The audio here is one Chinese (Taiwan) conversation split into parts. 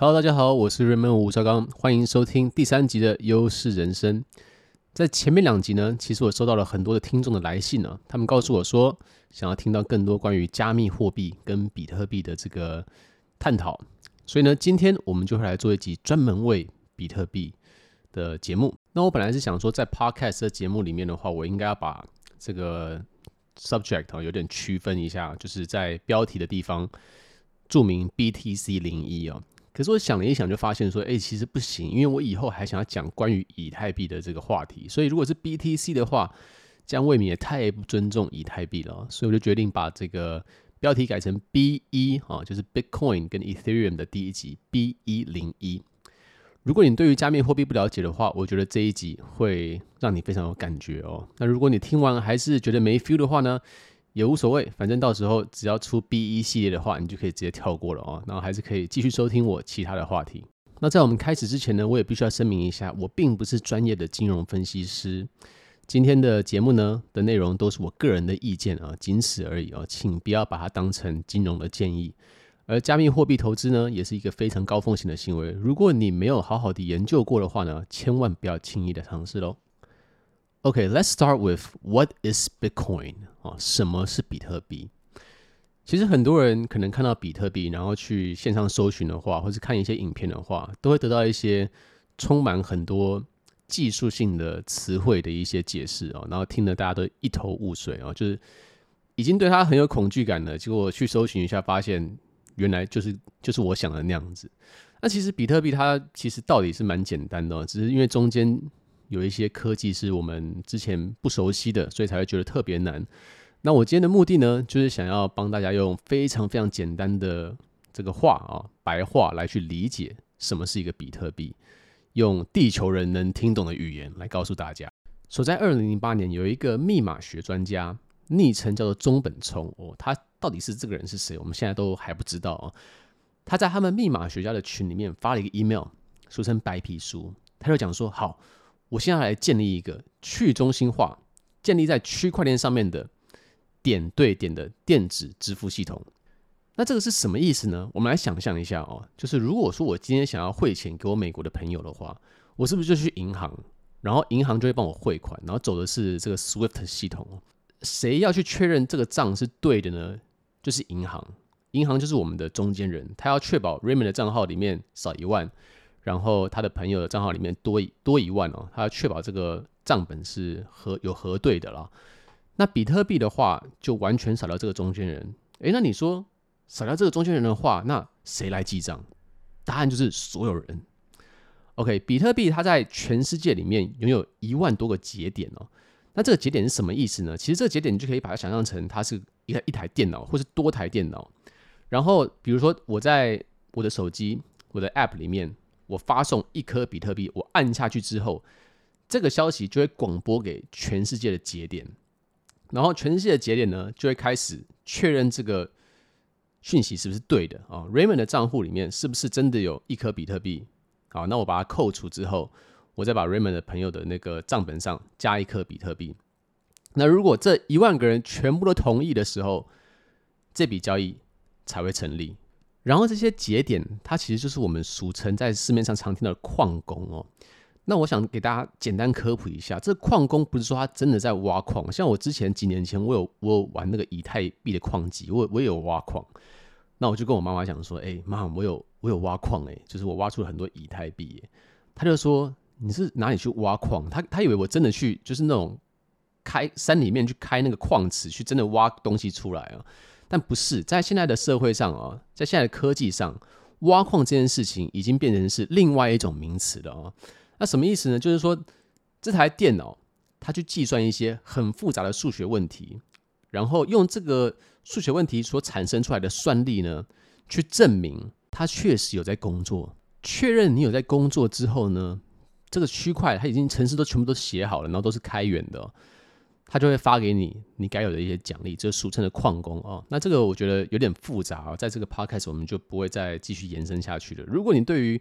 Hello，大家好，我是 Raymond 吳紹剛，歡迎收聽第三集的《優勢人生》。在前面兩集呢，其實我收到了很多的聽眾的來信呢、啊，他們告訴我說想要聽到更多關於加密貨幣跟比特幣的這個探討，所以呢，今天我們就會來做一集專門為比特幣的節目。那我本來是想說，在 Podcast 的節目裡面的話，我應該要把這個 subject 啊、哦、有點區分一下，就是在標題的地方注明 BTC 零一哦。可是我想了一想，就發現說，哎、欸，其實不行，因為我以後還想要講關於以太幣的這個話題，所以如果是 BTC 的話，這樣未免也太不尊重以太幣了，所以我就決定把這個標題改成 B 一啊，就是 Bitcoin 跟 Ethereum 的第一集，B 一零一。如果你對於加密貨幣不了解的話，我覺得這一集會讓你非常有感覺哦。那如果你聽完還是覺得沒 feel 的話呢？也無所謂，反正到時候只要出 B 1系列的話，你就可以直接跳過了哦。然後還是可以繼續收聽我其他的話題。那在我們開始之前呢，我也必須要聲明一下，我並不是專業的金融分析師。今天的節目呢的內容都是我個人的意見啊，僅此而已哦，請不要把它當成金融的建議。而加密貨幣投資呢，也是一個非常高風險的行為。如果你沒有好好的研究過的話呢，千萬不要輕易的嘗試嘍。o k、okay, let's start with what is Bitcoin 啊？什麼是比特幣？其實很多人可能看到比特幣，然後去線上搜尋的話，或是看一些影片的話，都會得到一些充滿很多技術性的詞彙的一些解釋哦，然後聽得大家都一頭霧水哦，就是已經對它很有恐懼感了。結果去搜尋一下，發現原來就是就是我想的那樣子。那其實比特幣它其實道理是蠻簡單的，只是因為中間。有一些科技是我們之前不熟悉的，所以才會覺得特別難。那我今天的目的呢，就是想要幫大家用非常非常簡單的這個話啊，白話來去理解什麼是一個比特幣，用地球人能聽懂的語言來告訴大家。所以在二零零八年，有一個密碼學專家，昵稱叫做中本聰哦，他到底是這個人是誰，我們現在都還不知道啊。哦，他在他們密碼學家的群裡面發了一個 email，俗稱白皮書，他就講說好。我現在來建立一個去中心化、建立在區塊鏈上面的點對點的電子支付系統。那這個是什麼意思呢？我們來想象一下哦，就是如果說我今天想要匯錢給我美國的朋友的話，我是不是就去銀行，然後銀行就會幫我匯款，然後走的是這個 SWIFT 系統。誰要去確認這個賬是對的呢？就是銀行，銀行就是我們的中間人，他要確保 Raymond 的賬號裡面少一萬。然後他的朋友的賬號裡面多一多一萬哦，他要確保這個賬本是核有核對的啦。那比特幣的話，就完全少了這個中間人。誒，那你說少了這個中間人的話，那誰來記賬？答案就是所有人。OK，比特幣它在全世界裡面擁有一萬多個節點哦。那這個節點是什麼意思呢？其實這個節點你就可以把它想象成它是一個一台電腦或是多台電腦。然後比如說我在我的手機、我的 App 裡面。我發送一顆比特幣，我按下去之後，這個消息就會廣播給全世界的節點，然後全世界的節點呢就會開始確認這個訊息是不是對的啊，哦，Raymond 的賬戶裡面是不是真的有一顆比特幣？好，哦，那我把它扣除之後，我再把 Raymond 的朋友的那個賬本上加一顆比特幣。那如果這一萬個人全部都同意的時候，這筆交易才會成立。然後這些節點，它其實就是我們俗稱在市面上常聽到的礦工哦。那我想給大家簡單科普一下，這礦工不是說他真的在挖礦。像我之前幾年前我，我有我有玩那個以太幣的礦機，我我也有挖礦。那我就跟我媽媽講說：“哎、欸、媽，我有我有挖礦哎，就是我挖出了很多以太幣。”他就說：“你是哪裡去挖礦？”他他以為我真的去就是那種開山裡面去開那個礦池，去真的挖東西出來啊。但不是在現在的社會上啊、哦，在現在的科技上，挖礦這件事情已經變成是另外一種名詞了啊、哦。那什麼意思呢？就是說，這台電腦它去計算一些很複雜的數學問題，然後用這個數學問題所產生出來的算力呢，去證明它確實有在工作。確認你有在工作之後呢，這個區塊它已經程式都全部都寫好了，然後都是開源的。他就會發給你你該有的一些獎勵，這俗稱的礦工啊、哦。那這個我覺得有點複雜、哦，在這個 podcast 我們就不會再繼續延伸下去了。如果你對於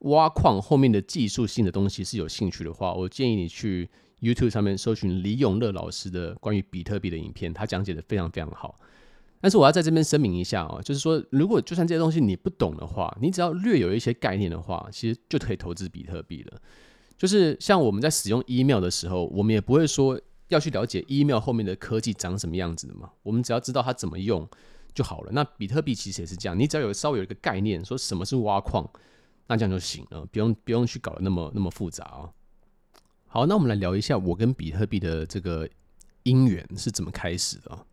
挖礦後面的技術性的東西是有興趣的話，我建議你去 YouTube 上面搜尋李永樂老師的關於比特幣的影片，他講解的非常非常好。但是我要在這邊聲明一下哦，就是說，如果就算這些東西你不懂的話，你只要略有一些概念的話，其實就可以投資比特幣了。就是像我們在使用 email 的時候，我們也不會說。要去了解 email 後面的科技長什麼樣子的嘛？我們只要知道它怎麼用就好了。那比特幣其實也是這樣，你只要有稍微有一個概念，說什麼是挖礦，那這樣就行了，不用不用去搞得那麼那麼複雜哦。好，那我們來聊一下我跟比特幣的這個姻緣是怎麼開始的啊。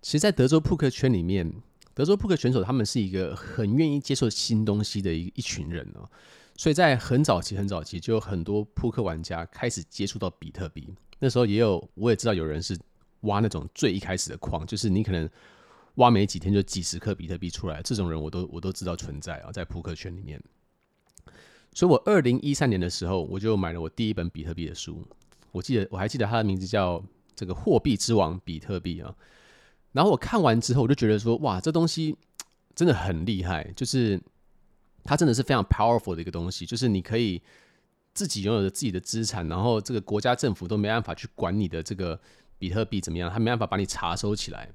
其實，在德州撲克圈裡面，德州撲克選手他們是一個很願意接受新東西的一一群人哦。所以在很早期、很早期，就有很多撲克玩家開始接觸到比特幣。那時候也有，我也知道有人是挖那種最一開始的礦，就是你可能挖沒幾天就幾十顆比特幣出來，這種人我都我都知道存在啊，在撲克圈裡面。所以我二零一三年的時候，我就買了我第一本比特幣的書，我記得我還記得它的名字叫《這個貨幣之王：比特幣》啊。然後我看完之後，我就覺得說，哇，這東西真的很厲害，就是。它真的是非常 powerful 的一個東西，就是你可以自己擁有着自己的資產，然後這個國家政府都沒辦法去管你的這個比特幣怎麼樣，他沒辦法把你查收起來。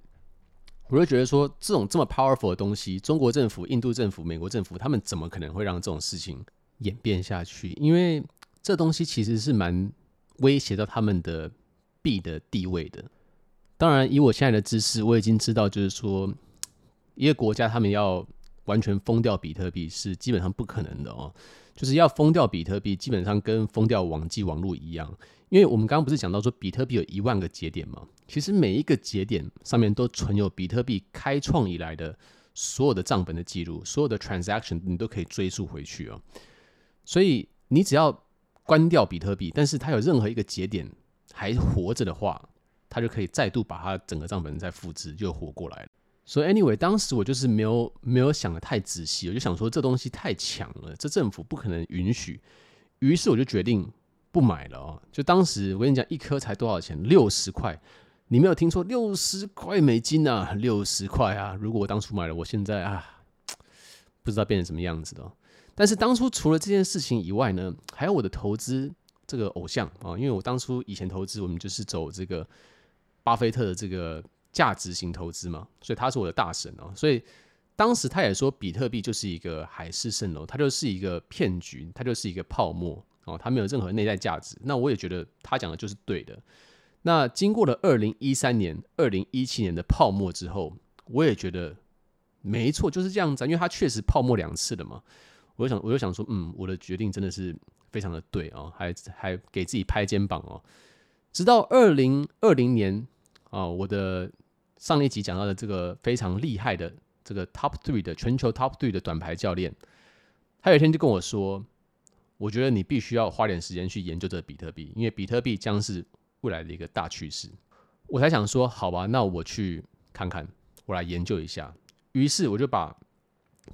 我就覺得說，這種這麼 powerful 的東西，中國政府、印度政府、美國政府，他們怎麼可能會讓這種事情演變下去？因為這東西其實是蠻威脅到他們的幣的地位的。當然，以我現在的知識，我已經知道，就是說一個國家他們要。完全封掉比特幣是基本上不可能的哦，就是要封掉比特幣，基本上跟封掉網際網路一樣，因為我們剛剛不是講到說比特幣有一萬個節點嗎？其實每一個節點上面都存有比特幣開創以來的所有的賬本的記錄，所有的 transaction 你都可以追溯回去哦。所以你只要關掉比特幣，但是它有任何一個節點還活着的話，它就可以再度把它整個賬本再複製，就活過來了。所以，anyway，當時我就是沒有沒有想的太仔細，我就想說這東西太強了，這政府不可能允許，於是我就決定不買了哦，就當時我跟你講，一顆才多少錢？六十塊，你沒有聽錯，六十塊美金吶，六十塊啊！如果我當初買了，我現在啊，不知道變成什麼樣子的哦。但是當初除了這件事情以外呢，還有我的投資這個偶像啊，因為我當初以前投資，我們就是走這個巴菲特的這個。價值型投資嘛，所以他是我的大神哦。所以當時他也說，比特幣就是一個海市蜃樓，它就是一個騙局，它就是一個泡沫哦，它沒有任何內在價值。那我也覺得他講的就是對的。那經過了二零一三年、二零一七年的泡沫之後，我也覺得沒錯，就是這樣子啊，因為他確實泡沫兩次了嘛。我就想，我就想說，嗯，我的決定真的是非常的對哦，還還給自己拍肩膀哦。直到二零二零年啊，我的。上一集講到的這個非常厲害的這個 top three 的全球 top three 的短牌教練，他有一天就跟我說：“我覺得你必須要花點時間去研究這個比特幣，因為比特幣將是未來的一個大趨勢。”我才想說：“好吧，那我去看看，我來研究一下。”於是我就把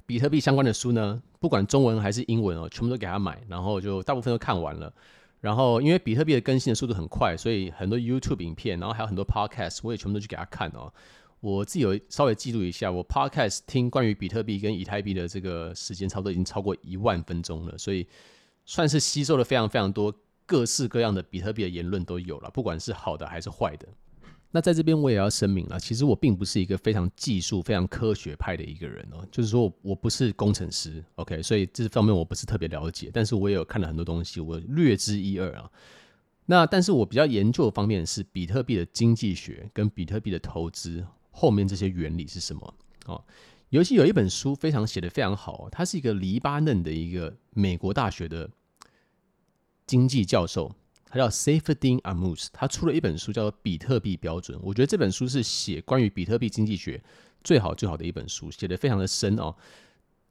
比特幣相關的書呢，不管中文還是英文哦、喔，全部都給他買，然後就大部分都看完了。然後，因為比特幣的更新的速度很快，所以很多 YouTube 影片，然後還有很多 Podcast，我也全部都去給他看哦。我自己有稍微記錄一下，我 Podcast 聽關於比特幣跟以太幣的這個時間，差不多已經超過一萬分鐘了，所以算是吸收了非常非常多各式各樣的比特幣的言論都有了，不管是好的還是壞的。那在這邊我也要聲明了，其實我並不是一個非常技術、非常科學派的一個人哦，就是說我我不是工程師，OK，所以這方面我不是特別了解，但是我也有看了很多東西，我略知一二啊。那但是我比較研究的方面是比特幣的經濟學跟比特幣的投資後面這些原理是什麼？哦，尤其有一本書非常寫得非常好，它是一個黎巴嫩的一個美國大學的經濟教授。他叫 Saifedean Ammous，他出了一本書，叫做《比特幣標準》。我覺得這本書是寫關於比特幣經濟學最好最好的一本書，寫得非常的深哦。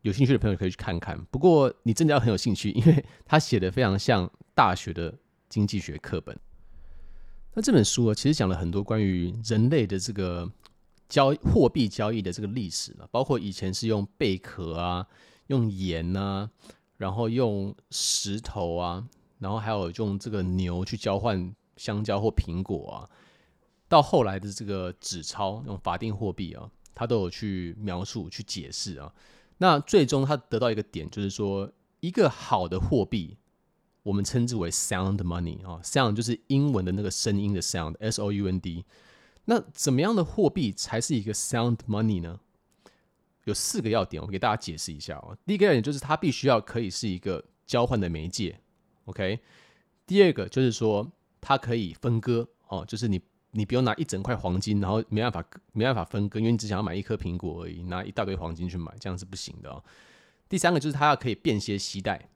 有興趣的朋友可以去看看。不過你真的要很有興趣，因為他寫得非常像大學的經濟學課本。那這本書啊，其實講了很多關於人類的這個交貨幣交易的這個歷史了，包括以前是用貝殼啊，用鹽啊，然後用石頭啊。然後還有用這個牛去交換香蕉或蘋果啊，到後來的這個紙鈔用法定貨幣啊，他都有去描述去解釋啊。那最終他得到一個點，就是說一個好的貨幣，我們稱之為 sound money 啊，sound 就是英文的那個聲音的 sound，S O U N D。那怎麼樣的貨幣才是一個 sound money 呢？有四個要點，我給大家解釋一下啊。第一個要點就是它必須要可以是一個交換的媒介。OK，第二個就是說它可以分割哦，就是你你不用拿一整塊黃金，然後沒辦法沒辦法分割，因為你只想要買一顆蘋果而已，拿一大堆黃金去買，這樣是不行的哦。第三個就是它要可以便攜攜帶，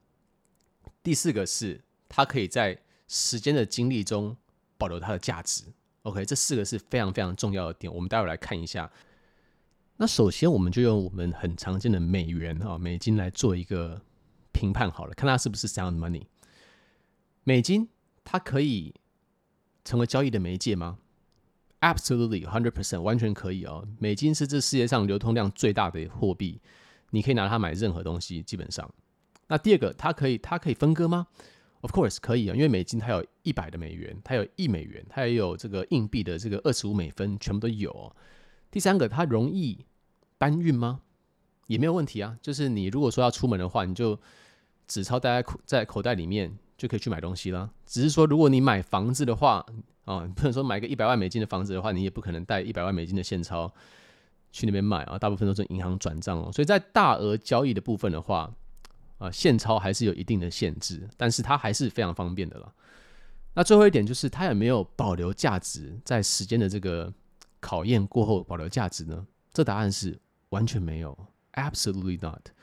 第四個是它可以在時間的經歷中保留它的價值。OK，這四個是非常非常重要的點，我們待會來看一下。那首先我們就用我們很常見的美元啊，哦，美金來做一個評判好了，看它是不是 Sound Money。美金它可以成為交易的媒介嗎？Absolutely，hundred percent，完全可以哦。美金是這世界上流通量最大的貨幣，你可以拿它買任何東西，基本上。那第二個，它可以它可以分割嗎？Of course，可以啊，因為美金它有一百的美元，它有一美元，它也有這個硬幣的這個二十五美分，全部都有哦。第三個，它容易搬運嗎？也沒有問題啊，就是你如果說要出門的話，你就紙鈔帶在口在口袋裡面。就可以去買東西了。只是說，如果你買房子的話，啊，不能說買個一百萬美金的房子的話，你也不可能帶一百萬美金的現鈔去那邊買啊。大部分都是銀行轉賬哦。所以在大額交易的部分的話，啊，現鈔還是有一定的限制，但是它還是非常方便的了。那最後一點就是，它有沒有保留價值？在時間的這個考驗過後，保留價值呢？這個答案是完全沒有，absolutely not。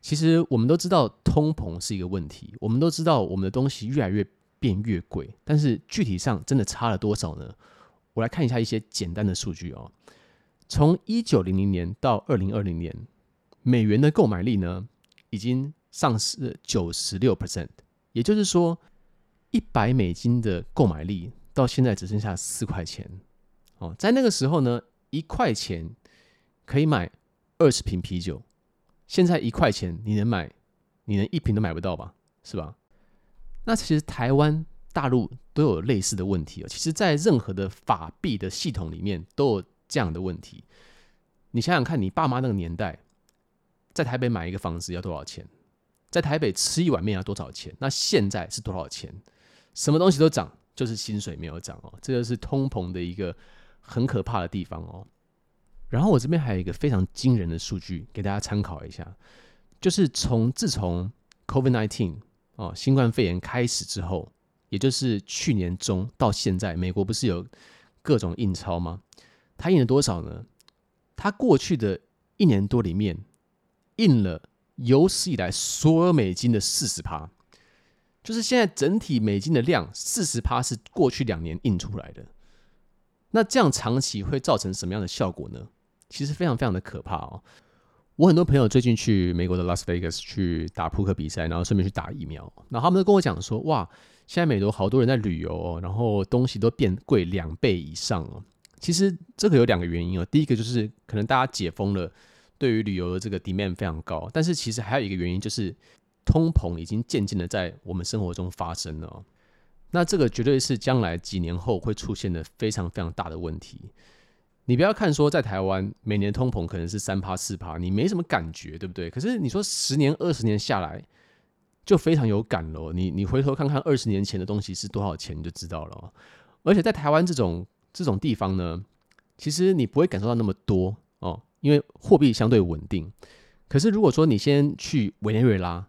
其實我們都知道通膨是一個問題，我們都知道我們的東西越來越變越貴，但是具體上真的差了多少呢？我來看一下一些簡單的數據哦。從一九零零年到二零二零年，美元的購買力呢已經喪失九十六 percent，也就是說，一百美金的購買力到現在只剩下四塊錢哦。在那個時候呢，一塊錢可以買二十瓶啤酒。現在一塊錢你能買，你能一瓶都買不到吧，是吧？那其實台灣、大陸都有類似的問題哦，其實，在任何的法幣的系統裡面都有這樣的問題。你想想看，你爸媽那個年代，在台北買一個房子要多少錢？在台北吃一碗麵要多少錢？那現在是多少錢？什麼東西都漲，就是薪水沒有漲哦。這個是通膨的一個很可怕的地方哦。然後我這邊還有一個非常驚人的數據給大家參考一下，就是從自從 COVID-19 啊、哦、新冠肺炎開始之後，也就是去年中到現在，美國不是有各種印鈔嗎？他印了多少呢？他過去的一年多裡面印了有史以來所有美金的四十趴，就是現在整體美金的量四十趴是過去兩年印出來的。那這樣長期會造成什麼樣的效果呢？其實非常非常的可怕哦！我很多朋友最近去美國的 Las Vegas 去打撲克比賽，然後順便去打疫苗。然後他們都跟我講說：“哇，現在美國好多人在旅遊哦，然後東西都變貴兩倍以上哦。”其實這個有兩個原因哦。第一個就是可能大家解封了，對於旅遊的這個 demand 非常高。但是其實還有一個原因就是通膨已經漸漸的在我們生活中發生了哦。那這個絕對是將來幾年後會出現的非常非常大的問題。你不要看說在台灣每年通膨可能是三趴四趴，你沒什麼感覺，對不對？可是你說十年二十年下來就非常有感了哦。你你回頭看看二十年前的東西是多少錢，你就知道了哦。而且在台灣這種這種地方呢，其實你不會感受到那麼多哦，因為貨幣相對穩定。可是如果說你先去委內瑞拉、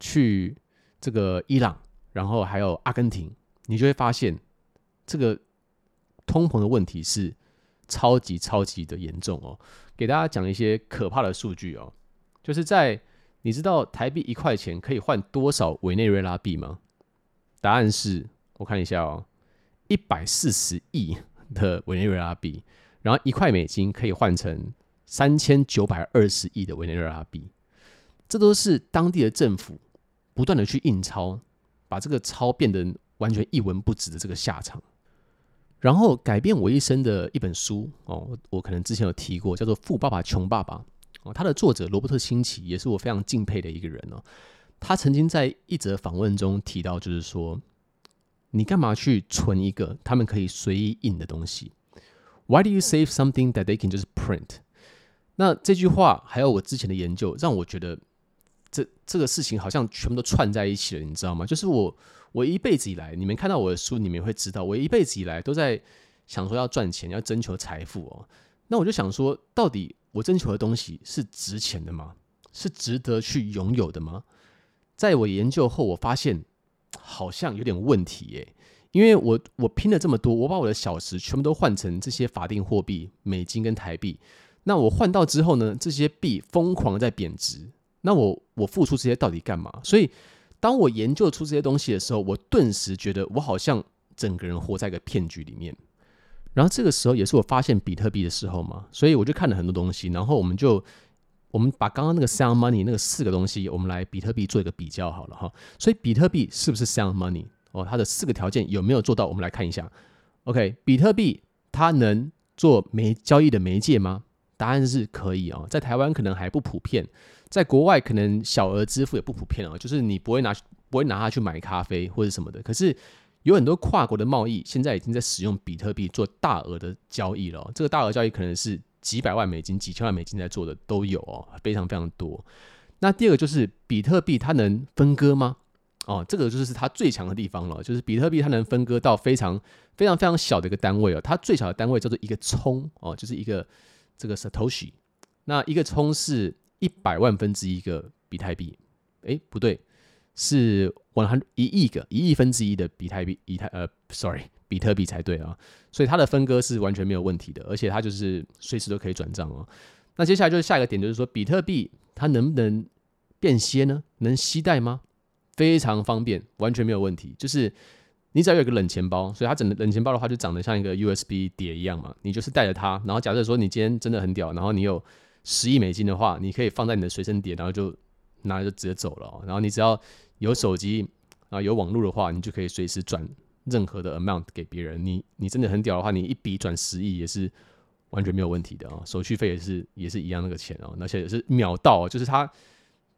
去這個伊朗，然後還有阿根廷，你就會發現這個通膨的問題是，超級超級的嚴重哦，給大家講一些可怕的數據哦，就是在你知道台幣一塊錢可以換多少委內瑞拉幣嗎？答案是，我看一下哦，140億的委內瑞拉幣，然後一塊美金可以換成3920億的委內瑞拉幣。這都是當地的政府不斷的去印鈔，把這個鈔變得完全一文不值的這個下場。然後改變我一生的一本書哦，我可能之前有提過，叫做《富爸爸窮爸爸》哦，他的作者羅伯特清崎也是我非常敬佩的一個人哦。他曾經在一則訪問中提到，就是說，你幹嘛去存一個他們可以隨意印的東西？Why do you save something that they can 就是 print？那這句話還有我之前的研究，讓我覺得這這個事情好像全部都串在一起了，你知道嗎？就是我。我一輩子以來，你們看到我的書，你們也會知道，我一輩子以來都在想說要賺錢，要徵求財富哦。那我就想說，到底我徵求的東西是值錢的嗎？是值得去擁有的嗎？在我研究後，我發現好像有點問題誒，因為我我拼了這麼多，我把我的小時全部都換成這些法定貨幣——美金跟台幣。那我換到之後呢，這些幣瘋狂在貶值。那我我付出這些到底幹嘛？所以。當我研究出這些東西的時候，我頓時覺得我好像整個人活在一個騙局裡面。然後這個時候也是我發現比特幣的時候嘛，所以我就看了很多東西。然後我們就我們把剛剛那個 sound money 那個四個東西，我們來比特幣做一個比較好了哈。所以比特幣是不是 sound money？哦，它的四個條件有沒有做到？我們來看一下。OK，比特幣它能做媒交易的媒介嗎？答案是可以哦，在台灣可能還不普遍。在國外，可能小額支付也不普遍哦。就是你不會拿，不會拿它去買咖啡或者什麼的。可是有很多跨國的貿易，現在已經在使用比特幣做大額的交易了哦。這個大額交易可能是幾百萬美金、幾千萬美金在做的都有哦，非常非常多。那第二個就是比特幣它能分割嗎？哦，這個就是它最強的地方了，就是比特幣它能分割到非常非常非常小的一個單位哦。它最小的單位叫做一個聰哦，就是一個這個 Satoshi。那一個聰是一百萬分之一個比特幣，哎、欸，不對，是萬萬一億個一億分之一的比特幣，以太呃，sorry，比特幣才對啊，所以它的分割是完全沒有問題的，而且它就是隨時都可以轉賬哦。那接下來就是下一個點，就是說比特幣它能不能便攜呢？能攜帶嗎？非常方便，完全沒有問題。就是你只要有一個冷錢包，所以它整個冷錢包的話就長得像一個 USB 碟一樣嘛，你就是帶着它，然後假設說你今天真的很屌，然後你有。十億美金的話，你可以放在你的隨身碟，然後就拿着直接走了哦。然後你只要有手機，然後有網絡的話，你就可以隨時轉任何的 amount 給別人。你你真的很屌的話，你一筆轉十億也是完全沒有問題的啊哦！手續費也是也是一樣那個錢哦，而且也是秒到，就是它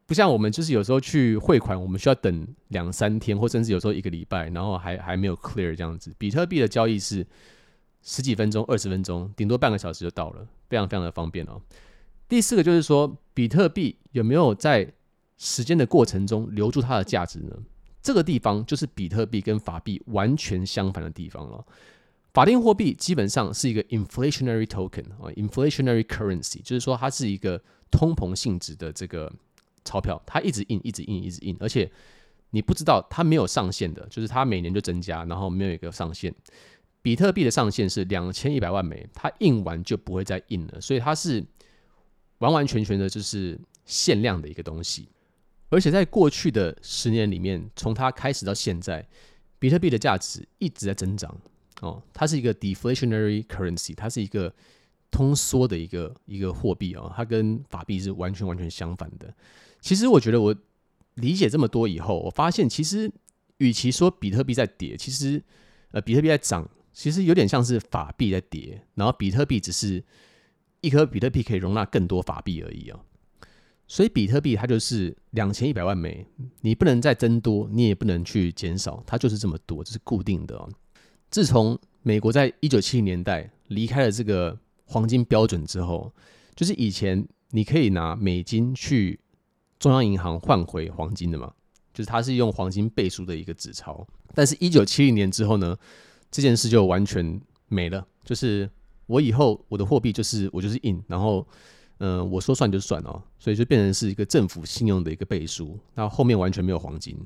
不像我們，就是有時候去匯款，我們需要等兩三天，或甚至有時候一個禮拜，然後還還沒有 clear 這樣子。比特幣的交易是十幾分鐘、二十分鐘，頂多半個小時就到了，非常非常的方便哦。第四個就是說，比特幣有沒有在時間的過程中留住它的價值呢？這個地方就是比特幣跟法幣完全相反的地方了。法定貨幣基本上是一個 inflationary token 啊，哦，inflationary currency，就是說它是一個通膨性質的這個鈔票，它一直印，一直印，一直印，而且你不知道它沒有上限的，就是它每年就增加，然後沒有一個上限。比特幣的上限是兩千一百萬枚，它印完就不會再印了，所以它是。完完全全的就是限量的一個東西，而且在過去的十年裡面，從它開始到現在，比特幣的價值一直在增長哦。它是一個 deflationary currency，它是一個通縮的一個一個貨幣哦，它跟法幣是完全完全相反的。其實我覺得我理解這麼多以後，我發現其實與其說比特幣在跌，其實呃比特幣在漲，其實有點像是法幣在跌，然後比特幣只是。一顆比特幣可以容納更多法幣而已哦，所以比特幣它就是兩千一百萬枚，你不能再增多，你也不能去減少，它就是這麼多，這是固定的哦。自從美國在一九七零年代離開了這個黃金標準之後，就是以前你可以拿美金去中央銀行換回黃金的嘛，就是它是用黃金背書的一個紙鈔，但是一九七零年之後呢，這件事就完全沒了，就是。我以後我的貨幣就是我就是印，然後嗯、呃、我說算就算哦，所以就變成是一個政府信用的一個背書，那後，後面完全沒有黃金，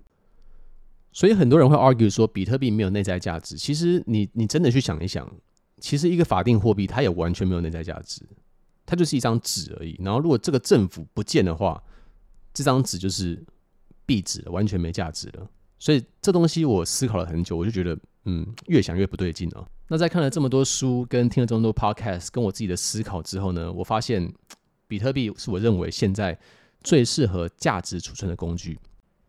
所以很多人會 argue 說比特幣沒有內在價值。其實你你真的去想一想，其實一個法定貨幣它也完全沒有內在價值，它就是一張紙而已。然後如果這個政府不見的話，這張紙就是廢紙，完全沒價值了。所以這東西我思考了很久，我就覺得。嗯，越想越不對勁哦。那在看了這麼多書、跟聽了這麼多 podcast、跟我自己的思考之後呢，我發現比特幣是我認為現在最適合價值儲存的工具。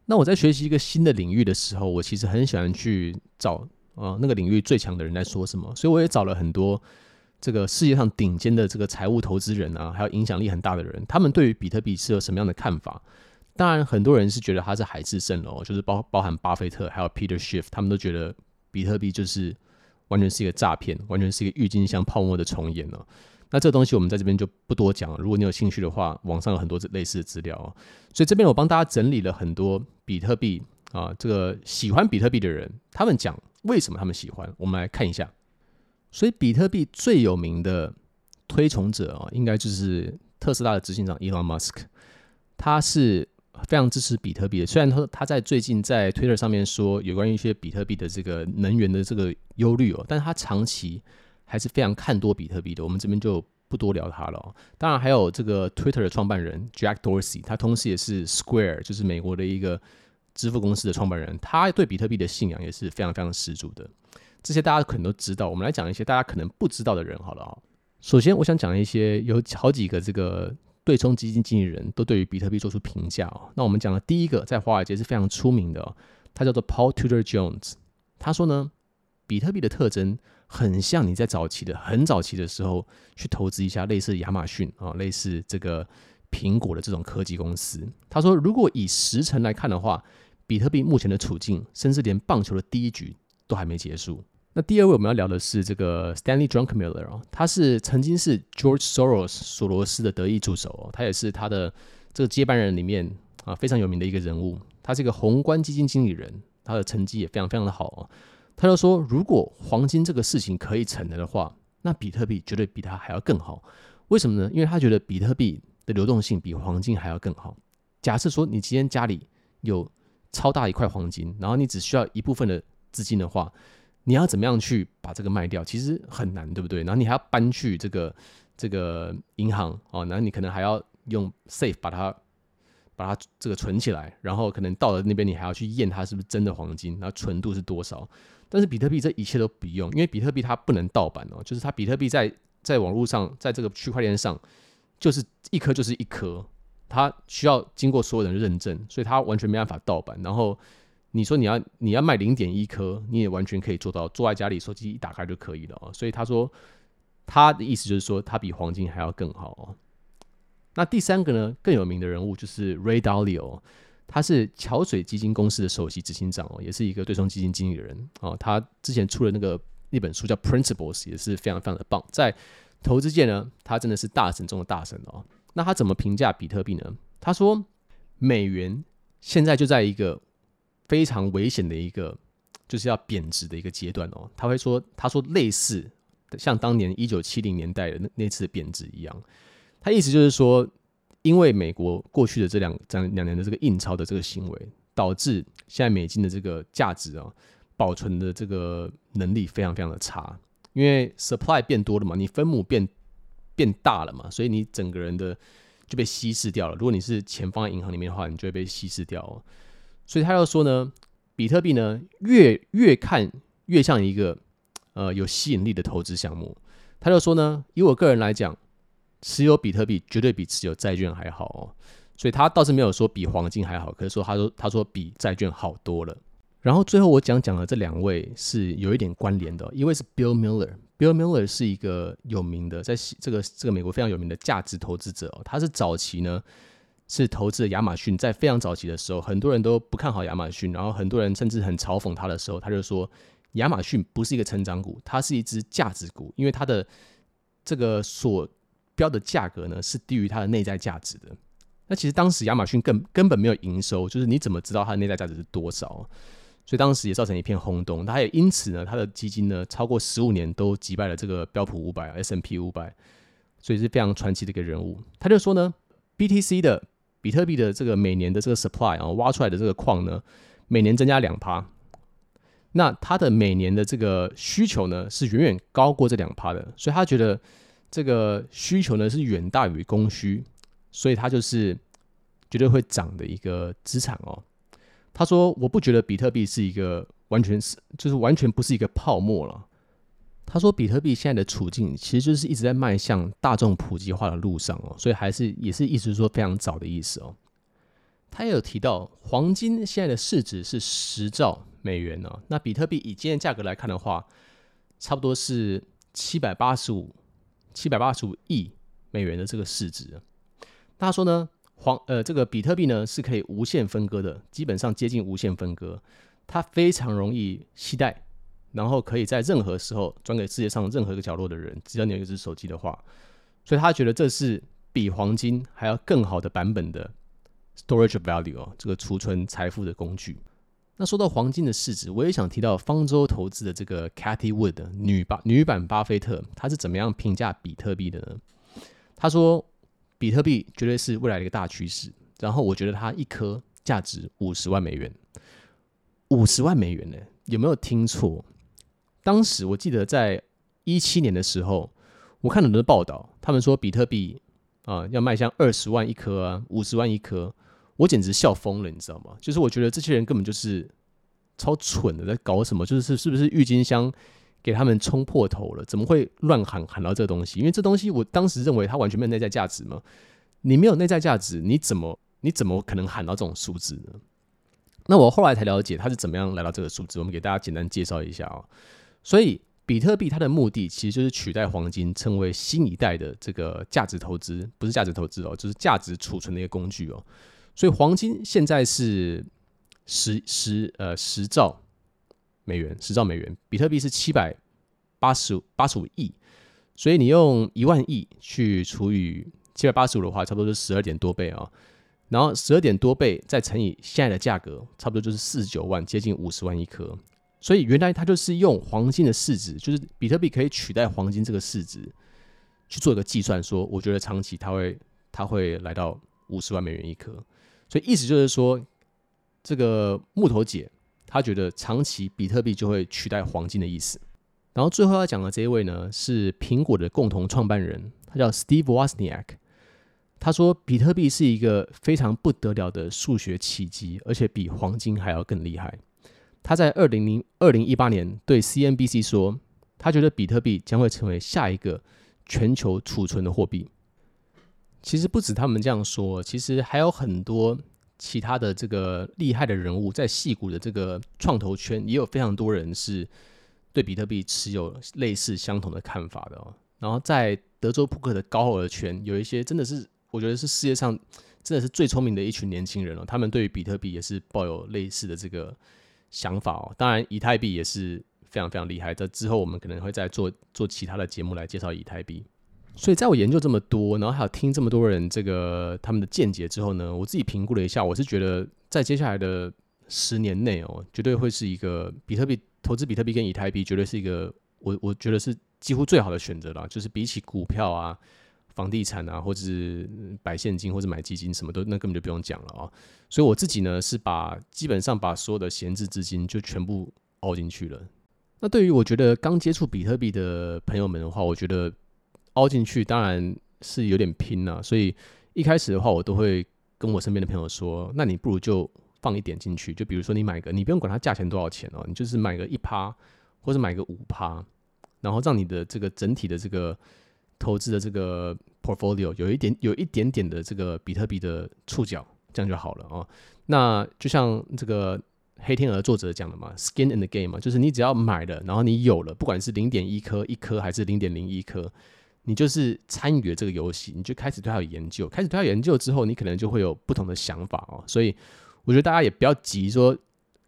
那我在學習一個新的領域的時候，我其實很喜歡去找呃那個領域最強的人在說什麼。所以我也找了很多這個世界上頂尖的這個財務投資人啊，還有影響力很大的人，他們對於比特幣是有什麼樣的看法？當然，很多人是覺得它是海市蜃樓，就是包包含巴菲特還有 Peter Schiff，他們都覺得。比特幣就是完全是一個詐騙，完全是一個鬱金香泡沫的重演哦。那這東西我們在這邊就不多講了。如果你有興趣的話，網上有很多類似的資料哦。所以這邊我幫大家整理了很多比特幣啊，這個喜歡比特幣的人，他們講為什麼他們喜歡，我們來看一下。所以比特幣最有名的推崇者啊，哦，應該就是特斯拉的執行長 Elon Musk，他是。非常支持比特幣的，雖然他他在最近在 Twitter 上面說有關於一些比特幣的這個能源的這個憂慮哦，但是他長期還是非常看多比特幣的。我們這邊就不多聊他了哦。當然還有這個 Twitter 的創辦人 Jack Dorsey，他同時也是 Square，就是美國的一個支付公司的創辦人，他對比特幣的信仰也是非常非常十足的。這些大家可能都知道。我們來講一些大家可能不知道的人好了哦。首先我想講一些有好幾個這個。對沖基金經理人都對於比特幣做出評價哦。那我們講的第一個在華爾街是非常出名的，哦，他叫做 Paul Tudor Jones。他說呢，比特幣的特徵很像你在早期的很早期的時候去投資一下類似亞馬遜啊、哦、類似這個蘋果的這種科技公司。他說，如果以時程來看的話，比特幣目前的處境，甚至連棒球的第一局都還沒結束。那第二位我們要聊的是這個 Stanley Druckenmiller，哦、他是曾經是 George Soros 索羅斯的得意助手、哦，他也是他的這個接班人裡面啊非常有名的一個人物。他是一個宏觀基金經理人，他的成績也非常非常的好、哦、他就說，如果黃金這個事情可以成的話，那比特幣絕對比他還要更好。為什麼呢？因為他覺得比特幣的流動性比黃金還要更好。假設說你今天家裡有超大一塊黃金，然後你只需要一部分的資金的話。你要怎麼樣去把這個賣掉？其實很難，對不對？然後你還要搬去這個這個銀行哦，然後你可能還要用 safe 把它把它這個存起來，然後可能到了那邊你還要去驗它是不是真的黃金，然後純度是多少？但是比特幣這一切都不用，因為比特幣它不能盜版哦，就是它比特幣在在網絡上在這個區塊鏈上，就是一顆就是一顆，它需要經過所有人認證，所以它完全沒辦法盜版，然後。你說你要你要賣零點一顆，你也完全可以做到，坐在家裡手機一打開就可以了哦，所以他說他的意思就是說，他比黃金還要更好哦。那第三個呢，更有名的人物就是 Ray Dalio，他是橋水基金公司的首席執行長哦，也是一個對沖基金經理的人哦，他之前出了那個那本書叫《Principles》，也是非常非常的棒。在投資界呢，他真的是大神中的大神哦。那他怎麼評價比特幣呢？他說，美元現在就在一個。非常危險的一個，就是要貶值的一個階段哦。他會說，他說類似像當年一九七零年代的那次貶值一樣。他意思就是說，因為美國過去的這兩兩兩年的這個印鈔的這個行為，導致現在美金的這個價值啊，保存的這個能力非常非常的差。因為 supply 變多了嘛，你分母變變大了嘛，所以你整個人的就被稀釋掉了。如果你是錢放在銀行裡面的話，你就會被稀釋掉哦。所以他就說呢，比特幣呢越越看越像一個呃有吸引力的投資項目。他就說呢，以我個人來講，持有比特幣絕對比持有債券還好哦。所以他倒是沒有說比黃金還好，可是說他說他說比債券好多了。然後最後我講講的這兩位是有一點關聯的哦，一位是 Bill Miller，Bill Miller 是一個有名的，在這個這個美國非常有名的價值投資者哦。他是早期呢。是投資的亞馬遜，在非常早期的時候，很多人都不看好亞馬遜，然後很多人甚至很嘲諷他的時候，他就說亞馬遜不是一個成長股，它是一隻價值股，因為它的這個所標的價格呢是低於它的內在價值的。那其實當時亞馬遜更根本沒有營收，就是你怎麼知道它的內在價值是多少？所以當時也造成一片轟動。他也因此呢，他的基金呢超過十五年都擊敗了這個標普五百、S&P 五百，所以是非常傳奇的一個人物。他就說呢，B T C 的。比特幣的這個每年的這個 supply 啊，挖出來的這個礦呢，每年增加兩趴，那他的每年的這個需求呢，是遠遠高過這兩趴的，所以他覺得這個需求呢是遠大於供需，所以他就是絕對會漲的一個資產哦。他說，我不覺得比特幣是一個完全是，就是完全不是一個泡沫了。他說，比特幣現在的處境其實就是一直在邁向大眾普及化的路上哦，所以還是也是一直說非常早的意思哦。他也有提到，黃金現在的市值是十兆美元哦，那比特幣以今天價格來看的話，差不多是七百八十五七百八十五億美元的這個市值。他說呢，黃呃這個比特幣呢是可以無限分割的，基本上接近無限分割，它非常容易期待。然後可以在任何時候轉給世界上任何一個角落的人，只要你有一只手機的話，所以他覺得這是比黃金還要更好的版本的 storage value 哦，這個儲存財富的工具。那說到黃金的市值，我也想提到方舟投資的這個 Cathie Wood 女巴女版巴菲特，他是怎麼樣評價比特幣的呢？他說，比特幣絕對是未來的一個大趨勢。然後我覺得它一顆價值五十萬美元，五十萬美元呢，欸？有沒有聽錯？當時我記得在一七年的時候，我看了很多報道，他們說比特幣啊要賣像二十萬一顆啊五十萬一顆，我簡直笑瘋了，你知道嗎？就是我覺得這些人根本就是超蠢的，在搞什麼？就是是不是鬱金香給他們衝破頭了？怎麼會亂喊喊到這個東西？因為這東西我當時認為它完全沒有內在價值嘛，你沒有內在價值，你怎麼你怎麼可能喊到這種數字呢？那我後來才了解它是怎麼樣來到這個數字，我們給大家簡單介紹一下啊、喔。所以，比特幣它的目的其實就是取代黃金，成為新一代的這個價值投資，不是價值投資哦，就是價值儲存的一個工具哦。所以，黃金現在是十十呃十兆美元，十兆美元，比特幣是七百八十五八十五億，所以你用一萬億去除以七百八十五的話，差不多是十二點多倍哦。然後十二點多倍再乘以現在的價格，差不多就是四十九萬，接近五十萬一顆。所以原來他就是用黃金的市值，就是比特幣可以取代黃金這個市值去做一個計算說，我覺得長期它會它會來到五十萬美元一顆。所以意思就是說，這個木頭姐她覺得長期比特幣就會取代黃金的意思。然後最後要講的這一位呢是蘋果的共同創辦人，他叫 Steve Wozniak。他說比特幣是一個非常不得了的數學奇蹟，而且比黃金還要更厲害。他在二零零二零一八年對 CNBC 說：“他覺得比特幣將會成為下一個全球儲存的貨幣。”其實不止他們這樣說，其實還有很多其他的這個厲害的人物，在矽谷的這個創投圈也有非常多人是對比特幣持有類似相同的看法的哦。然後在德州撲克的高額圈，有一些真的是我覺得是世界上真的是最聰明的一群年輕人了哦，他們對於比特幣也是抱有類似的這個。想法哦，當然，以太幣也是非常非常厲害。這之後，我們可能會再做做其他的節目來介紹以太幣。所以，在我研究這麼多，然後還有聽這麼多人這個他們的見解之後呢，我自己評估了一下，我是覺得在接下來的十年內哦，絕對會是一個比特幣投資，比特幣跟以太幣絕對是一個我我覺得是幾乎最好的選擇啦，就是比起股票啊。房地產啊，或者是擺現金，或者買基金，什麼都那根本就不用講了啊、喔。所以我自己呢，是把基本上把所有的閒置資金就全部凹進去了。那對於我覺得剛接觸比特幣的朋友們的話，我覺得凹進去當然是有點拼了、啊。所以一開始的話，我都會跟我身邊的朋友說：“那你不如就放一點進去，就比如說你買個，你不用管它價錢多少錢哦、喔，你就是買個一趴，或者買個五趴，然後讓你的這個整體的這個投資的這個。” Portfolio 有一點有一點點的這個比特幣的觸角，這樣就好了哦。那就像這個《黑天鵝》作者講的嘛，“skin in the game” 嘛，就是你只要買了，然後你有了，不管是零點一顆、一顆還是零點零一顆，你就是參與了這個遊戲，你就開始對它有研究，開始對它有研究之後，你可能就會有不同的想法哦。所以我覺得大家也不要急，說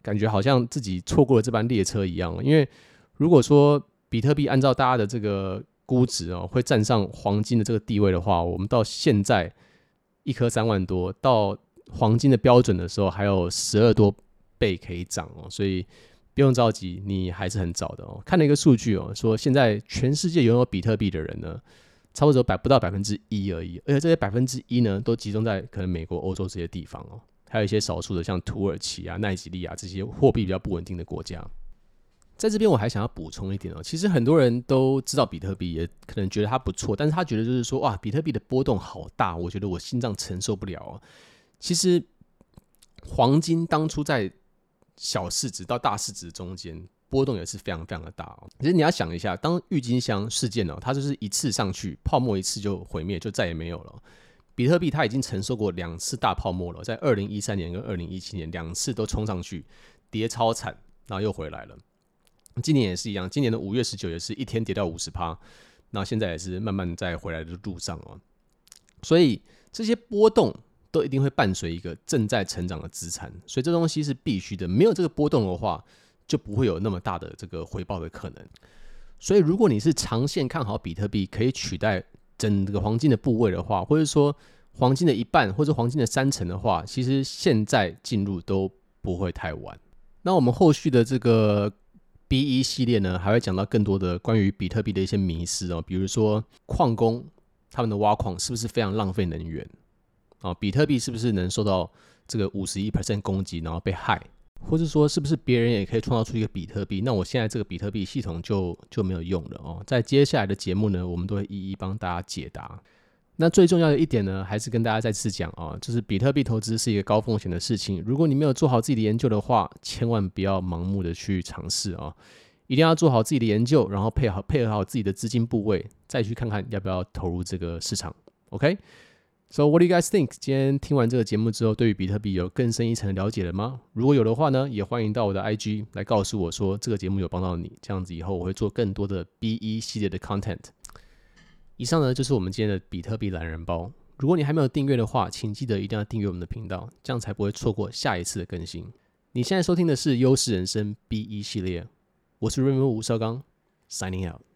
感覺好像自己錯過了這班列車一樣。因為如果說比特幣按照大家的這個，估值哦，會占上黃金的這個地位的話，我們到現在一顆三萬多，到黃金的標準的時候還有十二多倍可以漲哦，所以不用着急，你還是很早的哦。看了一個數據哦，說現在全世界擁有比特幣的人呢，差不多百不到百分之一而已，而且這些百分之一呢，都集中在可能美國、歐洲這些地方哦，還有一些少數的像土耳其啊、奈及利亞這些貨幣比較不穩定的國家。在這邊我還想要補充一點哦，其實很多人都知道比特幣，也可能覺得它不錯，但是他覺得就是說，哇，比特幣的波動好大，我覺得我心臟承受不了哦。其實黃金當初在小市值到大市值中間，波動也是非常非常的大哦。其實你要想一下，當鬱金香事件哦，它就是一次上去，泡沫一次就毀滅，就再也沒有了。比特幣它已經承受過兩次大泡沫了，在二零一三年跟二零一七年兩次都衝上去，跌超慘，然後又回來了。今年也是一樣，今年的五月十九也是一天跌到五十趴，那現在也是慢慢在回來的路上哦。所以這些波動都一定會伴隨一個正在成長的資產，所以這東西是必須的。沒有這個波動的話，就不會有那麼大的這個回報的可能。所以如果你是長線看好比特幣可以取代整個黃金的部位的話，或者說黃金的一半或者黃金的三成的話，其實現在進入都不會太晚。那我們後續的這個。1> B 一系列呢，還會講到更多的關於比特幣的一些迷思哦，比如說礦工他們的挖礦是不是非常浪費能源啊、哦？比特幣是不是能受到這個51%攻擊，然後被害，或者說是不是別人也可以創造出一個比特幣？那我現在這個比特幣系統就就沒有用了哦。在接下來的節目呢，我們都會一一幫大家解答。那最重要的一點呢，還是跟大家再次講啊，就是比特幣投資是一個高風險的事情。如果你沒有做好自己的研究的話，千萬不要盲目的去嘗試啊！一定要做好自己的研究，然後配好配合好自己的資金部位，再去看看要不要投入這個市場。OK？So、okay? what do you guys think？今天聽完這個節目之後，對於比特幣有更深一層的了解了嗎？如果有的話呢，也歡迎到我的 IG 來告訴我說，這個節目有幫到你。這樣子以後我會做更多的 B E 系列的 content。以上呢，就是我們今天的比特幣懶人包。如果你還沒有訂閱的話，請記得一定要訂閱我們的頻道，這樣才不會錯過下一次的更新。你現在收聽的是《優勢人生》B 一系列，我是 Raymond 吳紹剛，Signing out。